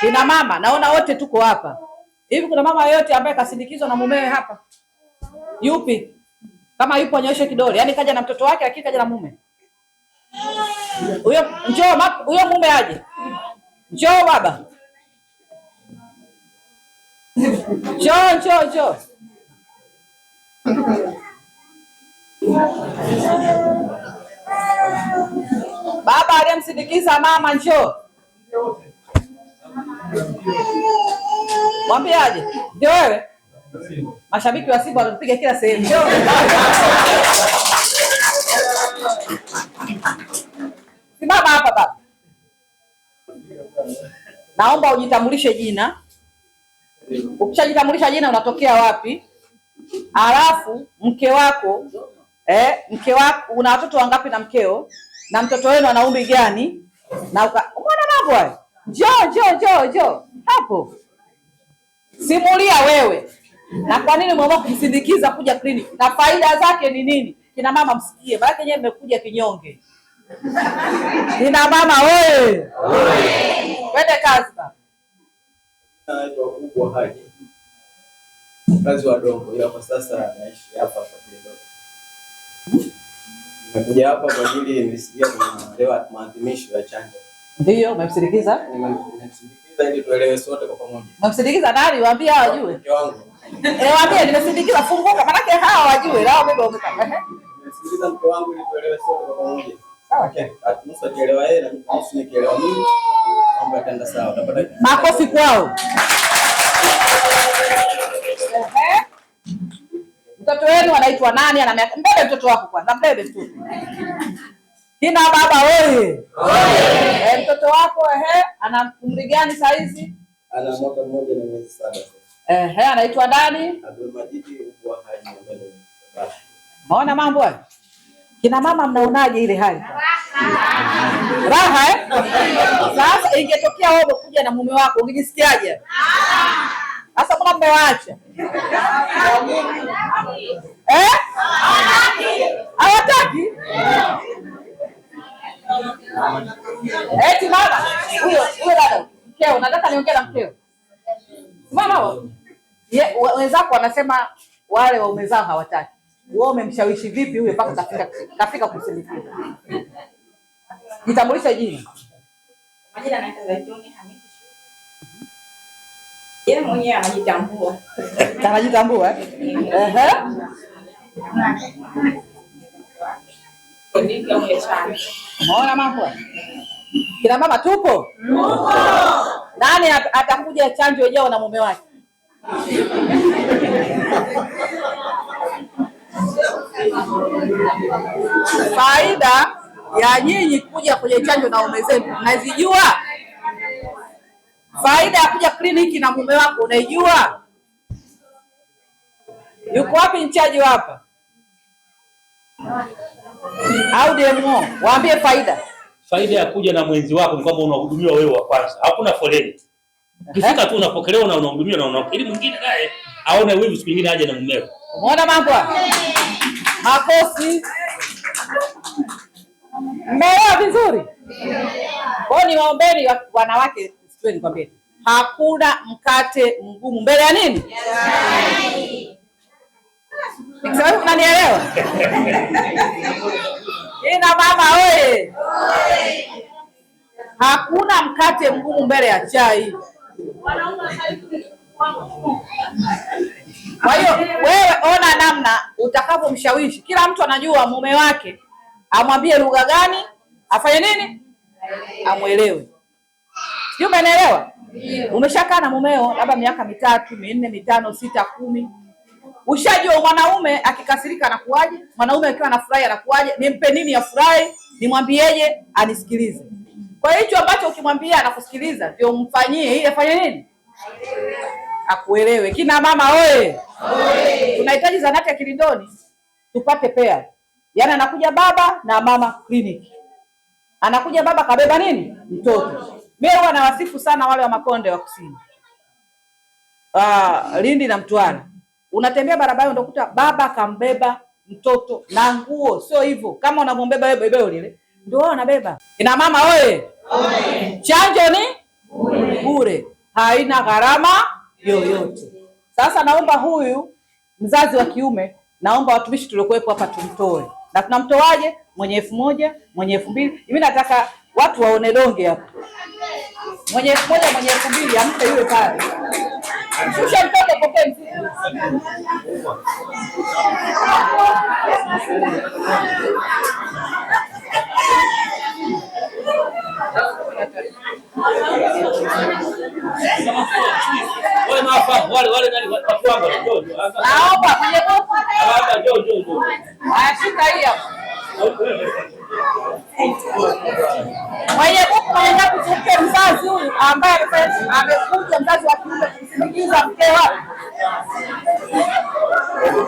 Kina mama naona wote tuko hapa hivi, kuna mama yoyote ambaye kasindikizwa na mumewe hapa? Yupi? Kama yupo anyoshe kidole. Yaani kaja na mtoto wake, lakini kaja na mume huyo. Njoo huyo mume aje, njoo baba, njoo njoo njoo baba aliyemsindikiza mama, njoo Mwambiaje? Ndio wewe. Mashabiki wa Simba wanapiga kila sehemu. Simama hapa baba. Naomba ujitambulishe jina. Ukishajitambulisha jina unatokea wapi? Alafu mke wako eh, mke wako una watoto wangapi na mkeo? Na mtoto wenu ana umri gani? Na Umeona mambo haya? Njoo, njoo, njoo, njoo hapo, simulia wewe na kwa nini mama kumsindikiza kuja kliniki na faida zake ni nini? Kina mama msikie, maana yeye amekuja kinyonge. Kina mama wewe, Wende kazi. ba. Naitwa Kubwa Haji, mkazi wa Dongo, ila kwa sasa naishi hapa kwa Kadogo. Nimekuja hapa kwa ajili nimesikia kuna maadhimisho ya chanjo ndio, mmemsindikiza? Mmemsindikiza sote kwa pamoja. nani? Waambie hao wajue. Eh, waambie nimesindikiza, funguka maanake hao wajue. Lao bebe wamekata. Eh? mke wangu ili tuelewe sote kwa pamoja. makofi kwao. Mtoto wenu anaitwa nani? Ana miaka mbele mtoto wako kwanza, mbele mtoto kina baba oye! E, mtoto wako ehe, ana umri gani saa hizi? Ana mwaka mmoja na miezi saba. Ehe, anaitwa nani? Maona mambo hayo. Eh? Kina mama mnaonaje ile hali? Raha eh? Sasa ingetokea wewe kuja na mume wako ungejisikiaje? Sasa mbona mmewaacha? Eh? Hawataki. Eti mama huyo huyo dada mkeo, unataka niongee na mkeo? Mama wenzako wanasema wale waume zao hawataki wewe, umemshawishi vipi huyo mpaka kafika kafika kumsindikiza? Jitambulishe jina. Majina naitwa Zaituni Hamisi. Yeye mwenyewe anajitambua. Anajitambua eh? kliniki au Unaona mambo kina mama, tupo nani atakuja chanjo ijao na mume wake faida ya nyinyi kuja kwenye chanjo na ume zenu mnazijua? Faida ya kuja kliniki na mume wako unaijua? Yuko wapi mchaji hapa? au demo, waambie faida. Faida ya kuja na mwenzi wako ni kwamba unahudumiwa wewe wa kwanza, hakuna foleni. Ukifika tu unapokelewa na unahudumiwa na ili mwingine naye aone wivu, siku nyingine aje na mumeo. Umeona mambo makosi. Mmeelewa vizuri? kwao. niwaombeni wanawake, sikieni, nikwambie hakuna mkate mgumu mbele ya nini? Nikisema unanielewa? Ina mama oye! Hakuna mkate mgumu mbele ya chai. Kwa hiyo wewe ona namna utakavyomshawishi. Kila mtu anajua mume wake amwambie lugha gani, afanye nini, amwelewe. Sijui umenielewa? Umeshakaa na mumeo labda miaka mitatu minne mitano sita kumi Ushajua mwanaume akikasirika anakuwaje, mwanaume akiwa anafurahi anakuwaje, nimpe nini afurahi, nimwambieje anisikilize. Kwa hicho ambacho ukimwambia anakusikiliza, ndio mfanyie ile, afanye nini, akuelewe. Kina mama oye, tunahitaji zanati ya Kilindoni tupate pea, yaani anakuja baba na mama kliniki, anakuja baba kabeba nini mtoto. Mimi huwa nawasifu sana wale wa Makonde wa Kusini, uh, Lindi na Mtwara Unatembea barabara unakuta baba kambeba mtoto na nguo, sio hivyo kama unavombeba wewe bebeo lile ndio wao wanabeba. Ina mama oye, chanjo ni bure, haina gharama yoyote. Sasa naomba huyu mzazi wa kiume, naomba watumishi tuliokuwepo hapa tumtoe, na tunamtoaje? Mwenye elfu moja mwenye elfu mbili Mimi nataka watu waone donge hapa, mwenye elfu moja mwenye elfu mbili ampe yule pale. Mwenye buku mwenye kutuke mzazi huyu ambaye amekuja mzazi wa kiume kumsindikiza mkewa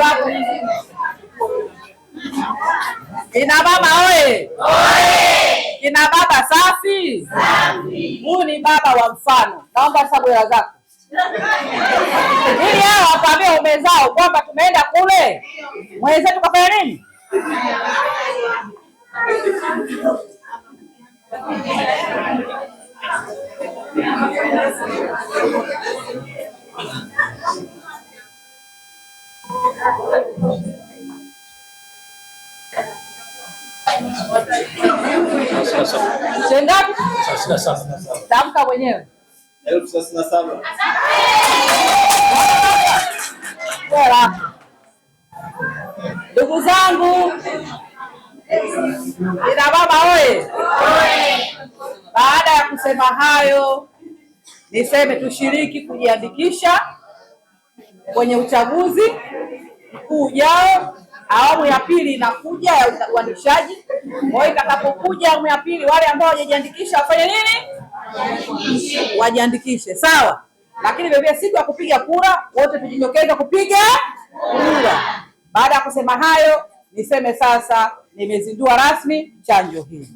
ina Kina baba oye! Kina baba safi! Huyu ni baba wa mfano. Naomba sasa bwela zako ili hao wakwambie umezao kwamba tumeenda kule mweze tukafanya nini. Tamka mwenyewe Ndugu zangu, ina baba oye! Baada ya kusema hayo, niseme tushiriki kujiandikisha kwenye uchaguzi huu ujao. Awamu ya pili inakuja ya uandikishaji. Kwa hiyo itakapokuja awamu ya pili, wale ambao hawajajiandikisha wafanye nini? Wajiandikishe, sawa. Lakini vilevile siku ya kupiga kura, wote tujitokeze kupiga kura. Baada ya kusema hayo, niseme sasa nimezindua rasmi chanjo hii.